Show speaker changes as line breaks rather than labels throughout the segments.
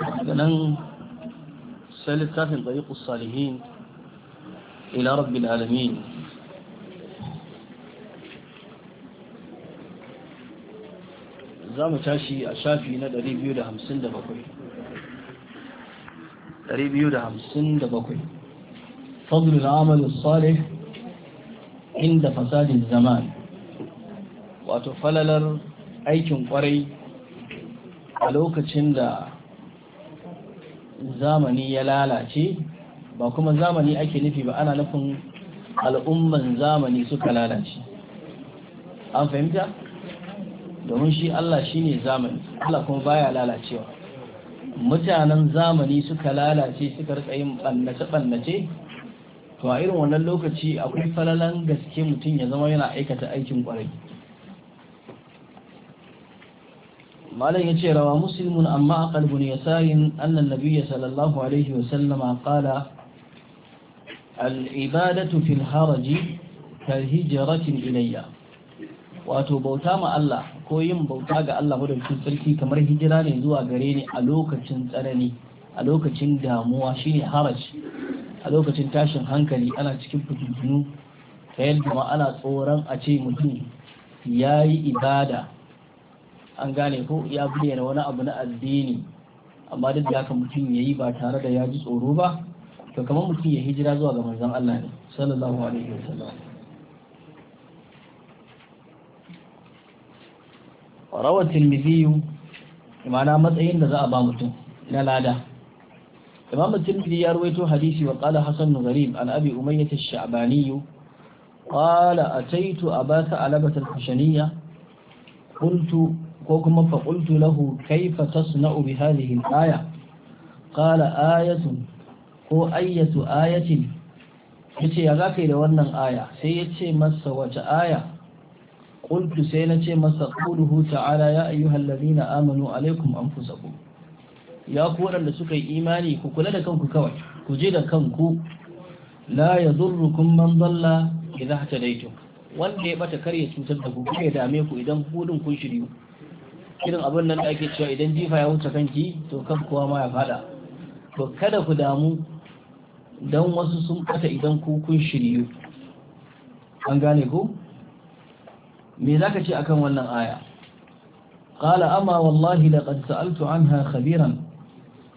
daga nan sai littafin ɗariƙus salihin ila rabbil alamin za mu tashi a shafi na 257 257 فضل العمل الصالح عند فساد الزمان wato falalar aikin kwarai a lokacin da zamani ya lalace ba kuma zamani ake nufi ba ana nufin al'umman zamani suka lalace an fahimta domin shi Allah shi ne zamani Allah kuma baya lalacewa mutanen zamani suka lalace suka rika yin ɓannace-ɓannace to a irin wannan lokaci akwai falalan gaske mutum ya zama yana aikata aikin kwarai malam ya ce rawa muslimun amma a kalbun ya sayin annan nabiya sallallahu alaihi wasallama kala al'ibadatu fil haraji ta hijiratin ilayya wato bauta ma Allah ko yin bauta ga Allah madaukakin sarki kamar hijira ne zuwa gare ni a lokacin tsanani a lokacin damuwa shine haraj a lokacin tashin hankali ana cikin fitintunu ta yadda ma ana tsoron a ce mutum ya yi ibada an gane ko ya bayyana wani abu na addini amma duk da haka mutum ya yi ba tare da ya ji tsoro ba to kamar mutum ya hijira zuwa ga manzon Allah ne sallallahu alaihi wasallam rawar tilmiziyu imana matsayin da za a ba mutum na lada imam tilmizi ya ruwaito hadisi wa qala hasan gharib an abi umayyah ash-sha'bani qala ataitu abasa alabat al-khushaniyya قلت ko kuma faƙultu lahu kaifa tasna'u bi hadhihi al-aya qala ayatun ko ayyatu ayatin yace ya zakai da wannan aya sai yace masa wata aya qultu sai nace masa quluhu ta'ala ya ayyuhal ladina amanu alaikum anfusakum ya ku waɗanda suka yi imani ku kula da kanku kawai ku je da kanku la yadurrukum man dalla idza hadaytum wanda ya bata kar ya cutar da ku kai dame ku idan ku kun shiryu irin abin nan da ake cewa idan jifa ya wuce kanki to kan kowa ma ya fada to kada ku damu don wasu sun kata idan ku kun shiryu an gane ku me za ka ce akan wannan aya ƙala amma wallahi da sa'altu anha khabiran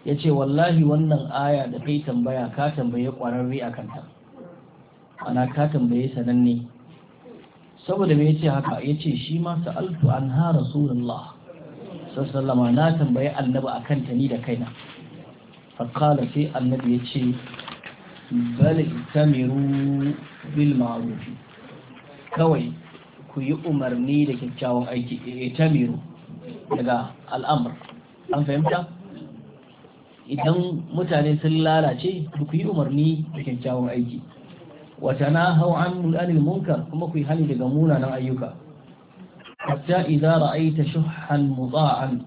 ya ce wallahi wannan aya da kai tambaya ka tambaye ƙwararre a kanta ana ka tambaye sananne saboda me ya ce haka ya ce shi ma sa'altu anha rasulullah sallama na tambayi annabi a ta ni da kaina faƙala sai annabi ya ce bal tamiru bil ma'rufi kawai ku yi umarni da kyakkyawan aiki eh, itamiru daga al'amur an fahimta idan mutane sun lalace ku yi umarni da kyakkyawan aiki wata na hau an munkar kuma ku yi hani daga munanan ayyuka hatta idza ra'aita shuhhan mudha'an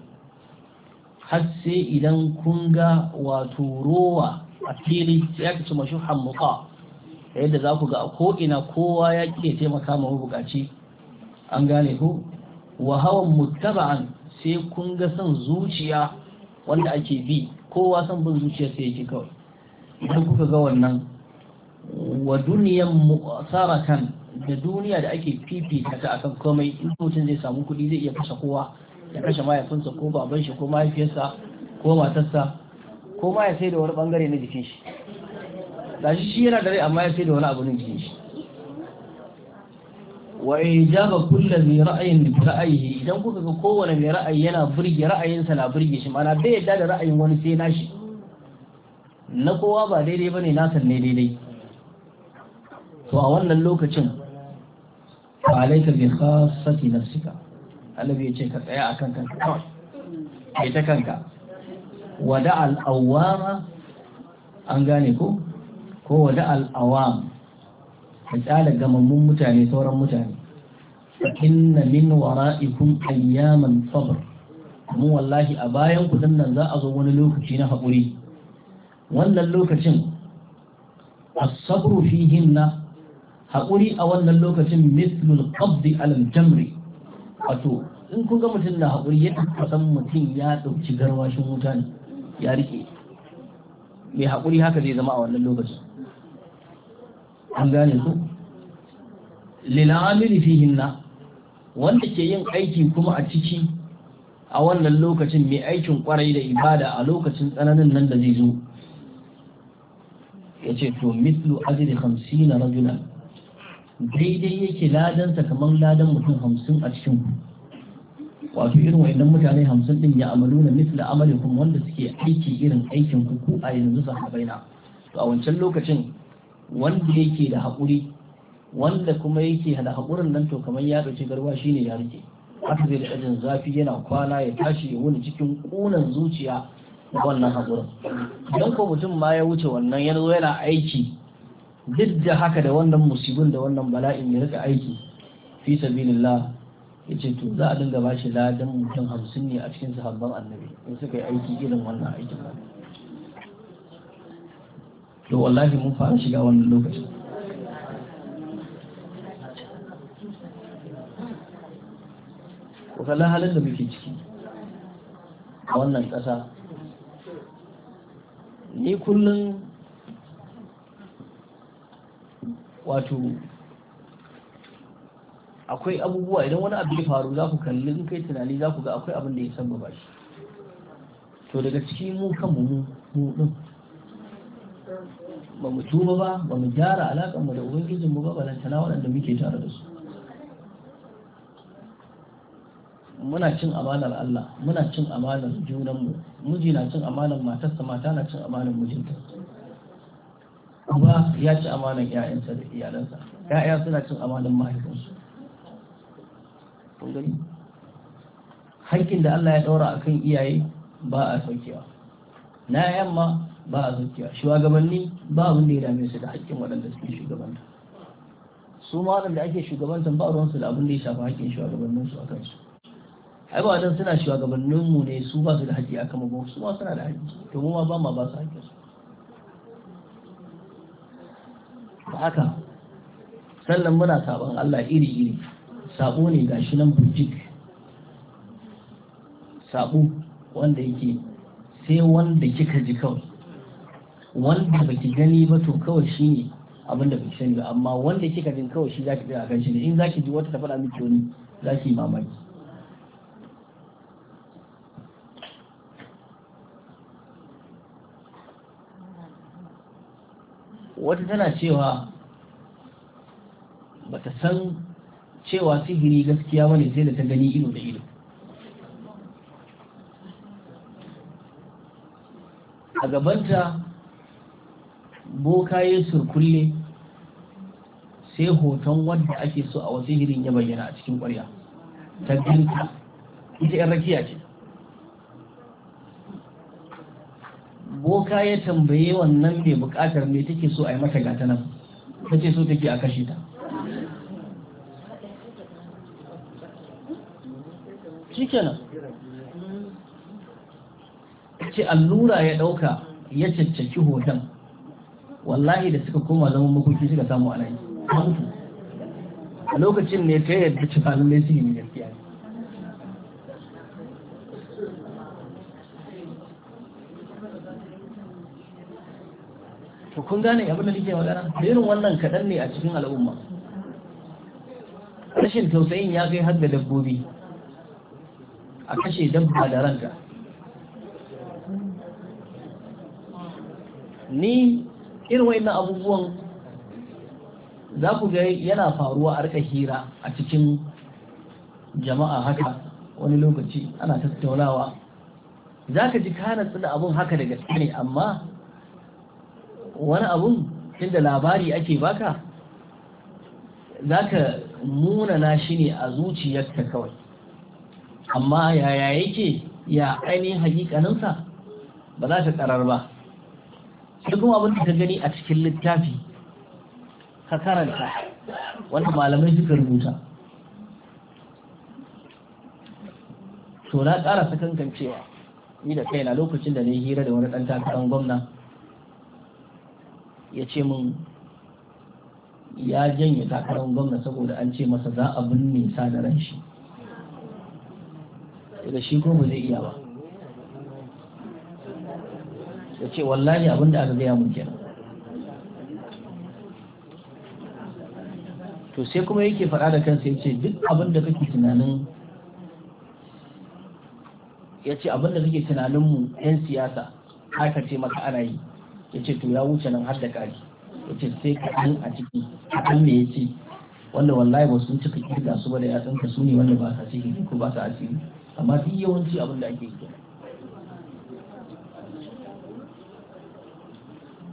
har sai idan kun ga wato rowa a fili sai aka ce mashuhan muqa yadda za ku ga ko ina kowa ya ke taimaka ma bukaci an gane ku wa hawan muttaba'an sai kun ga son zuciya wanda ake bi kowa son bin zuciya sai kuka ga wannan wa duniyan mu'asarakan da duniya da ake fifita ta akan komai in mutum zai samu kuɗi zai iya kashe kowa ya kashe mahaifinsa ko baban shi ko mahaifiyarsa ko matarsa ko ma ya sai da wani bangare na jikin shi da shi shi yana da rai amma ya sai da wani abu na jikin shi wa ijaba kullu bi ra'ayin bi ra'ayi idan kuka ga kowane mai ra'ayi yana burge ra'ayinsa na burge shi mana bai yadda da ra'ayin wani sai nashi na kowa ba daidai bane nasar ne daidai to a wannan lokacin fa alayka bi khassati nafsika annabi ya ce ka tsaya akan kanka kawai kai ta kanka wada al-awwama an gane ko ko wada al-awam ka tsala gamammun mutane sauran mutane inna min wara'ikum ayyaman sabr mu wallahi a bayan kudin nan za a zo wani lokaci na haƙuri wannan lokacin asabru fihinna haƙuri a wannan lokacin mislul qabdi alal jamri wato in kun ga mutum na haƙuri ya san mutum ya ɗauki garwashin wuta ne ya rike mai haƙuri haka zai zama a wannan lokaci an gane ku lil'amili fihinna wanda ke yin aiki kuma a ciki a wannan lokacin mai aikin kwarai da ibada a lokacin tsananin nan da zai zo ya ce to mislu ajri 50 rajulan daidai yake ladansa kamar ladan mutum hamsin a cikin ku wato irin wayannan mutane hamsin din ya amalu na misla amalikum wanda suke aiki irin aikin ku ku a yanzu sahabbai na to a wancan lokacin wanda yake da haƙuri wanda kuma yake da haƙurin nan to kamar ya ɗauki garwa shine ya rike haka zai da ajin zafi yana kwana ya tashi ya wuni cikin ƙunan zuciya wannan haƙurin don ko mutum ma ya wuce wannan yanzu yana aiki duk da haka da wannan musibin da wannan bala'in ya rika aiki fi sabilillah ya ce to za a dinga ba shi ladan mutum hamsin ne a cikin sahabban annabi in suka yi aiki irin wannan aikin ba to wallahi mun fara shiga wannan lokacin ku halin da muke ciki a wannan ƙasa ni kullum wato akwai abubuwa idan wani abu ya faru za ku kalli in kai tunani za ku ga akwai abin da ya san ba shi to daga ciki mu kanmu mu mu din ba mu tuba ba ba mu gyara alaƙar mu da ubangijin mu ba na waɗanda muke tare da su muna cin amanar Allah muna cin amanar junanmu miji na cin amanar matarsa mata na cin amanar mijinta uba ya ci amanan ‘ya'yansa da iyalansa ‘ya'ya suna cin amanan mahaifinsu gani haƙƙin da Allah ya ɗaura a kan iyaye ba a saukewa na yamma ba a saukewa shugabanni ba abin da ya dame su da haƙƙin waɗanda suke shugabanta su ma waɗanda ake shugabantan ba ruwansu da abin da ya shafi haƙƙin shugabanninsu a kansu ai ba wadan suna shugabanninmu ne su ba su da haƙƙi a kama ba su ma suna da haƙƙi to mu ma ba ma ba su haƙƙinsu haka sannan muna sabon Allah iri-iri sabo ne shi nan bujik sabo wanda yake sai wanda kika ji kawai wanda baki gani ba to kawai shi ne abinda baki sani ba amma wanda kika jin kawai shi zaki ji a kan shi ne in zaki ji wata ta faɗa miki wani zaki mamaki wata tana cewa bata san cewa sihiri gaskiya wani sai da ta gani ido da ido a gabanta bokaye surkulle sai hoton wanda ake so a wasu hirin ya bayyana a cikin ƙwarya ta ita 'yan rakiya ce boka ya tambaye wannan mai bukatar mai take so a yi mata gata nan ta ce so take a kashe ta nan ce allura ya dauka ya caccaki hoton wallahi da suka koma zaman makoki suka samu alayi a lokacin ne ta yadda cewa lallai su ne kun gane abin da nake magana irin wannan kaɗan ne a cikin al'umma rashin tausayin ya kai har da dabbobi a kashe dabba da ranka ni irin wayannan abubuwan za ku ga yana faruwa a rika hira a cikin jama'a haka wani lokaci ana tattaunawa za ka ji kana tsada abun haka da gaske ne amma wani abun tunda labari ake baka za ka munana shi ne a zuciyarka kawai amma yaya yake ya ainihin hakikaninsa ba za ta karar ba duk kuma abin da ka gani a cikin littafi ka karanta wanda malamai suka rubuta to na ƙara sakankan cewa ni da kai na lokacin da na yi hira da wani ɗan takarar gwamna ya ce min ya janye takarar gwamna saboda an ce masa za a binne sa da ran shi da shi ko ba zai iya ba ya ce wallahi abin da aka gaya mun kenan to sai kuma yake faɗa da kansa ya ce duk abin da kake tunanin ya ce abin da kake tunanin mu 'yan siyasa haka ce maka ana yi ya ce to ya wuce nan har da kari ya ce sai kaɗan a ciki kaɗan me ya ce wanda wallahi ba sun cika kirga su ba da ya tsanka su ne wanda ba sa ciki ko ba sa asiri amma duk yawanci abin da ake yi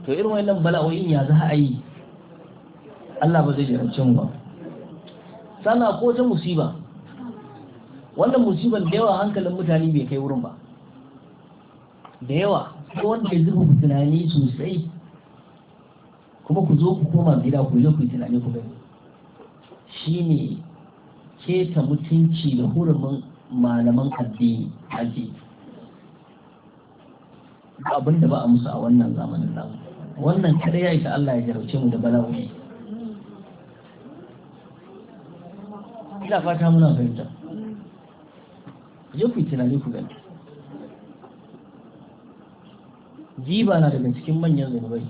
to irin wannan bala'o'in ya za a yi Allah ba zai jarabce mu ba sana ko ta musiba wannan musiban da yawa hankalin mutane bai kai wurin ba da yawa ko wanda ya zuba tunani sosai kuma ku zo ku koma gida ku zo ku yi tunani ku gani ne keta mutunci da hurumin malaman addini haji abin da ba a musu a wannan zamanin nan, wannan kada ya isa Allah ya jarauce mu da balawai
ina fata muna fahimta
je ku yi tunani ku gani giba na daga cikin manyan zunubai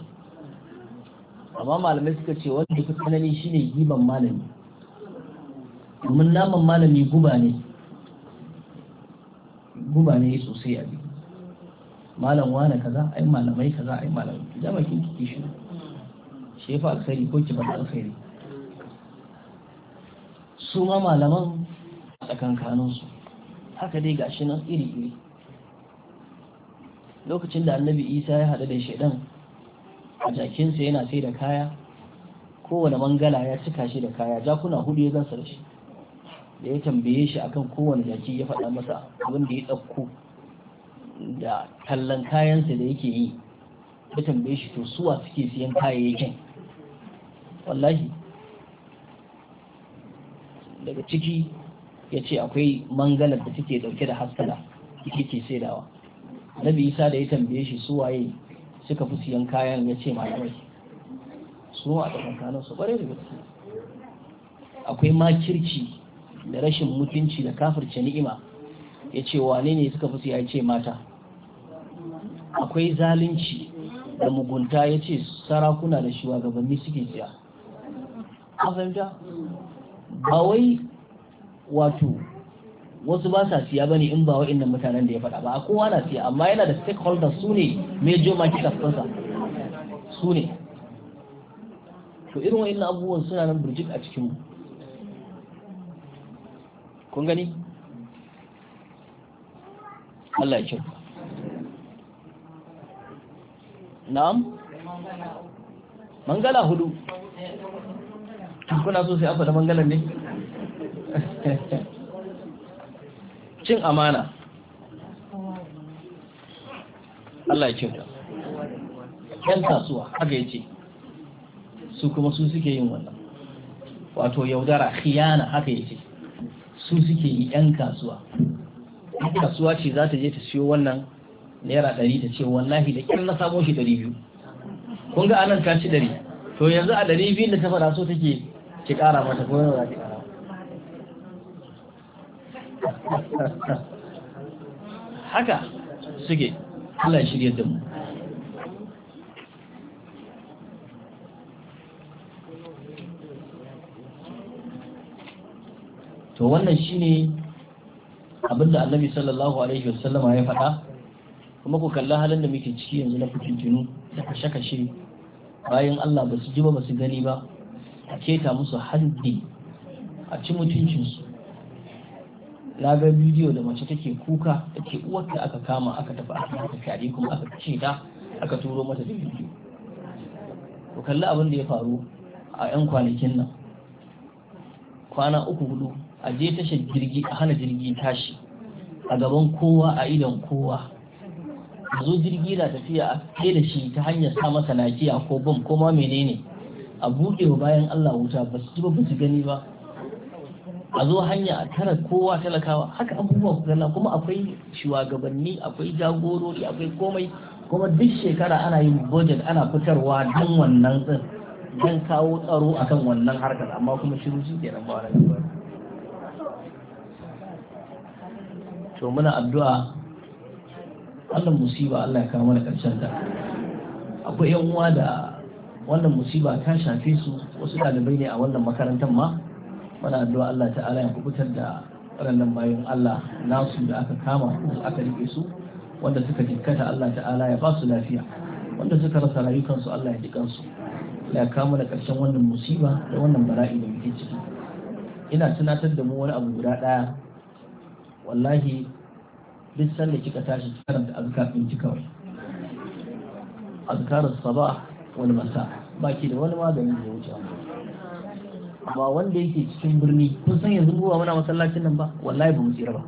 amma malamai suka ce wanda fi tsanani shine giban malami domin naman malami guba ne guba ne sosai a biyu malam wane kaza ai malamai kaza ai malamai ki ja kin ki shi shi fa alkhairi ko ki bar alkhairi su ma malaman a tsakankanin su haka dai gashi nan iri iri lokacin da annabi isa ya haɗu da shaidan a jakinsa yana sai da kaya kowane mangala ya cika shi da kaya jakuna hudu ya gansa da shi da ya tambaye shi akan kowane jaki ya faɗa masa abin da ya ɗauko da kallon kayansa da yake yi ya tambaye shi to suwa suke siyan kayayyakin wallahi daga ciki ya ce akwai mangalar da suke dauke da haskala ita ke saidawa nabi isa da ya tambaye shi su waye suka fi siyan kayan ya ce malamai su a kankanin su bare da gaske akwai makirci da rashin mutunci da kafirce ni'ima ya ce wane ne suka fi siya ya ce mata akwai zalunci da mugunta ya ce sarakuna da shugabanni suke siya a fahimta ba wai wato wasu ba sa siya bane in ba wa'annan mutanen da ya faɗa ba kowa na siya amma yana da stakeholders su ne major market ɗinsa su ne to irin wa'annan abubuwan suna nan burjik a cikinmu kun gani Allah ya ce na'am mangala hudu kuna so sai a faɗa mangalan ne cin amana Allah ya kyauta yan kasuwa haka yace su kuma su suke yin wannan wato yaudara khiyana haka yace su suke yi yan kasuwa kasuwa ce za ta je ta siyo wannan naira ɗari ta ce wallahi da kin na samo shi ɗari biyu kun ga anan ka ci ɗari to yanzu a ɗari biyu da ta fara so take ki ƙara mata ko yau za haka suke Allah ya shirya da mu to wannan shine abinda annabi sallallahu alaihi wasallama ya faɗa kuma ku kalla halin da muke ciki yanzu na fitintinu da kashe-kashe bayan Allah ba su ji ba ba su gani ba a keta musu haddi a ci mutuncinsu na ga bidiyo da mace take kuka take uwarta aka kama aka tafi aka mata kuma aka kashe ta aka turo mata da bidiyo to kalli abin da ya faru a 'yan kwanakin nan kwana uku hudu a je tashar jirgi a hana jirgi tashi a gaban kowa a idon kowa zo jirgi na tafiya a kai da shi ta hanyar sa masa nakiya ko bom ko ma menene a buɗewa bayan Allah wuta ba su ji ba ba su gani ba a zo hanya a tara kowa talakawa haka abubuwa gana kuma akwai shugabanni akwai jagorori akwai komai kuma duk shekara ana yin budget ana fitarwa don wannan din don kawo tsaro akan wannan harkar amma kuma shiru shi kenan ba wani to muna addu'a wannan musiba Allah ya kawo mana karshen ta akwai yan uwa da wannan musiba ta shafe su wasu ɗalibai ne a wannan makarantar ma muna addu'a Allah ta'ala ya kubutar da waɗannan bayan Allah nasu da aka kama aka rike su wanda suka jikkata Allah ta'ala ya basu lafiya wanda suka rasa rayukansu Allah ya jikansu ya kama da ƙarshen wannan musiba da wannan bala'i da muke ciki ina tunatar da mu wani abu guda ɗaya wallahi duk sanda kika tashi karanta azkar din ki kawai azkar sabah wal masa baki da wani magani da ya wuce ba wanda yake cikin birni kun san yanzu zuwa muna masallacin nan ba wallahi ba mu tsira ba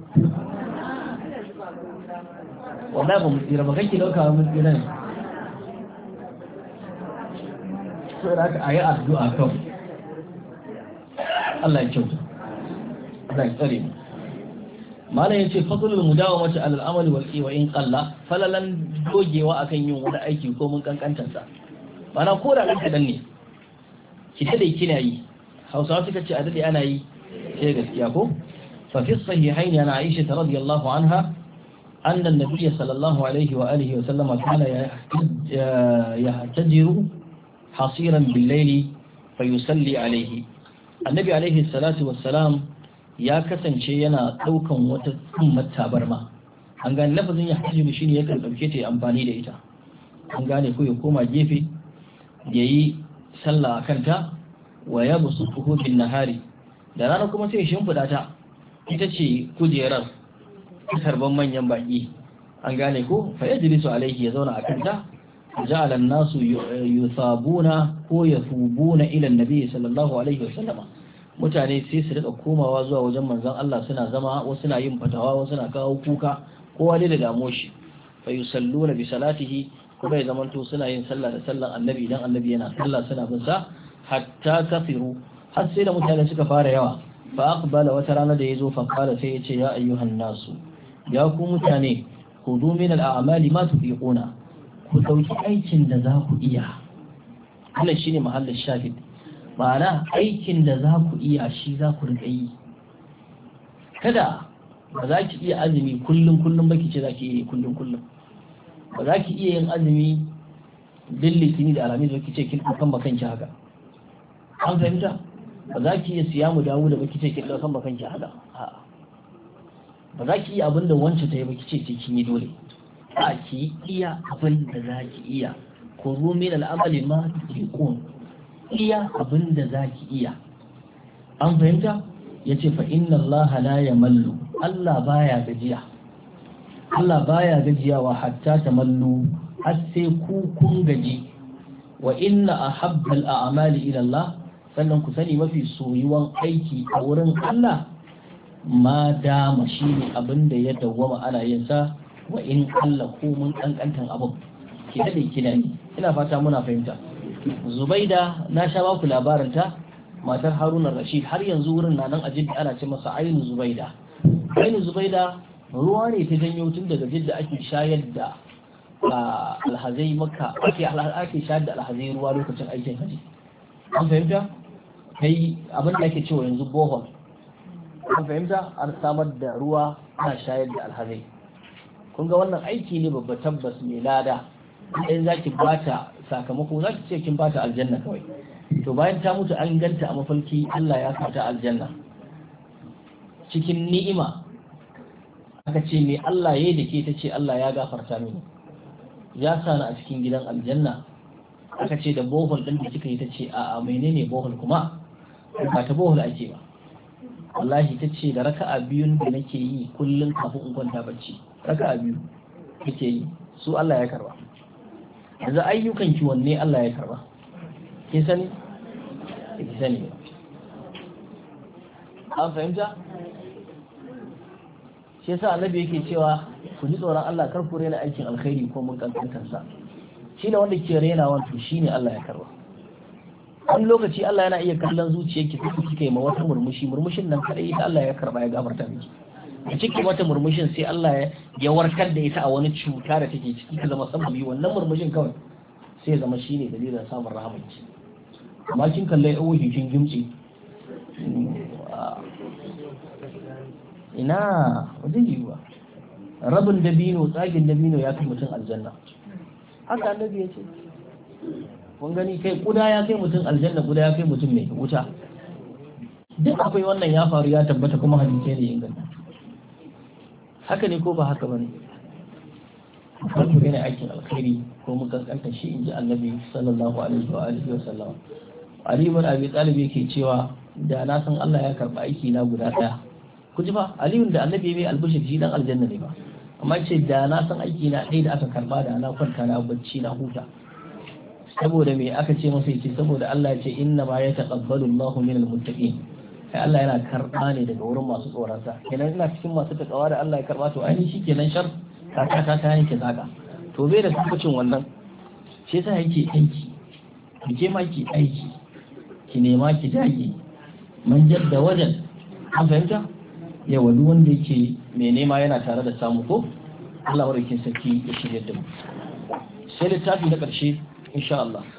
wallahi ba mu tsira ba kake dauka mu tsira ne sai da aka ayi
addu'a kan Allah ya kyauta Allah ya tsare mu malam yace fadlul mudawamati alal amali wal wa in qalla falalan dogewa akan yin wani aiki ko mun kankantar sa bana ko da ɗan ne ki da kina yi hausawa suka ce a daɗe ana yi sai gaskiya ko fa fi ana aisha ta radiyallahu anha ya kasance yana ɗaukan wata tabarma an gane lafazin ya hajji shi ne ɗauke ta amfani da ita an gane ko ya koma gefe ya yi sallah a kanta wa ya busu bin nahari da rana kuma sai shimfiɗa ta ita ce kujerar karban manyan baƙi an gane ko fa ya ya zauna a kanta ja'ala nasu yusabuna ko yafubuna ila an-nabi sallallahu alaihi wasallama mutane sai su rika komawa zuwa wajen manzan. Allah suna zama wasu na yin fatawa wasu na kawo kuka kowa dai da damo shi fa yusalluna bi salatihi kuma ya zamanto suna yin sallah da sallan annabi idan annabi yana sallah suna bin sa hatta kafiru har sai da mutane suka fara yawa fa aqbala wata rana da yazo fa qala sai yace ya ayyuhan nasu ya ku mutane khudu min al-a'mali ma tufiquna ku dauki aikin da za ku iya wannan shine mahallin shahid ma'ana aikin da za ku iya shi za ku riƙa yi kada ba za ki iya azumi kullum kullum ba ki ce za ki iya kullum kullum ba za ki iya yin azumi dillitini da alamis ba ki ce kin kan bakanki haka an fahimta ba za ki iya siya mu dawo da baki ce ki ɗaukan bakan ki hada ba za ki iya abin da wancan ta yi baki ce kin yi dole a ki iya abin da za ki iya ku rumi da al'amali ma ki kun iya abin da za ki iya an fahimta ya ce fa inna Allah la ya mallu Allah baya gajiya Allah baya gajiyawa hatta ta mallu har sai ku kun gaji wa inna ahabbal a'mali ila Allah sannan ku sani mafi soyuwan aiki a wurin Allah ma dama shi ne abin da ya dawwama ana yin sa wa in Allah ko mun kankantan abin ki dade ki ni ina fata muna fahimta Zubaida na sha baku labarin ta matar Haruna Rashid har yanzu wurin na nan a Jidda ana ce masa Ainu Zubaida Ainu Zubaida ruwa ne ta janyo tun daga Jidda ake shayar da alhazai maka ake shayar da alhazai ruwa lokacin aikin haji an fahimta kai abin da ake cewa yanzu bohol an fahimta an samar da ruwa ana shayar da alhazai kun ga wannan aiki ne babba tabbas mai lada in za ki bata sakamako za ki ce kin bata aljanna kawai to bayan ta mutu an ganta a mafarki Allah ya kata aljanna cikin ni'ima aka ce me Allah ya yi da ke ta ce Allah ya gafarta mini ya sani a cikin gidan aljanna aka ce da bohol ɗin da kika yi ta ce a menene bohol kuma ba ta bohol ake ba wallahi ta ce da raka'a biyun da nake yi kullum kafin in kwanta bacci raka'a biyu kake yi su Allah ya karba yanzu ayyukan ki wanne Allah ya karba ke sani ke sani an fahimta shi yasa annabi yake cewa ku ji tsoron Allah kar ku rena aikin alkhairi ko mun kankantar shi ne wanda ke renawan to shine Allah ya karba wani lokaci Allah yana iya kallon zuciyarki sai kika yi ma wata murmushi murmushin nan kadai ita Allah ya karba ya da miki a cikin wata murmushin sai Allah ya warkar da ita a wani cuta da take ciki ta zama biyu, wannan murmushin kawai sai zama zama shine dalilin samun rahamanki amma kin kallai yawo kin gimci ina wajen yiwuwa rabin dabino tsagin dabino ya fi mutum aljanna haka annabi ya ce kun gani kai kuda ya kai mutum aljanna kuda ya kai mutum mai wuta duk akwai wannan ya faru ya tabbata kuma hadisi ne inganta haka ne ko ba haka ba ne wanda yana aikin alkhairi ko mukankanta shi in ji annabi sallallahu alaihi wa alihi wa sallam ali ibn abi talib yake cewa da na san Allah ya karba aiki na guda daya ku ji fa ali da annabi bai albushi shi dan aljanna ne ba amma ce da na san aiki na ɗaya da aka karba da na kwanta na bacci na huta saboda me aka ce masa saboda Allah ya ce inna ma yataqabbalu Allahu minal muttaqin kai Allah yana karba ne daga wurin masu tsoronsa kenan ina cikin masu takawa da Allah ya karba to ainihin shi kenan shar kaka ta ta yanke zaka to bai da tabbacin wannan shi yasa yake aiki ki je ma ki aiki ki nema ki dage man jadda wajen an fahimta yawa duk wanda yake mai nema yana tare da samu ko Allah ke sarki ya shirya da mu sai littafi na ƙarshe إن شاء الله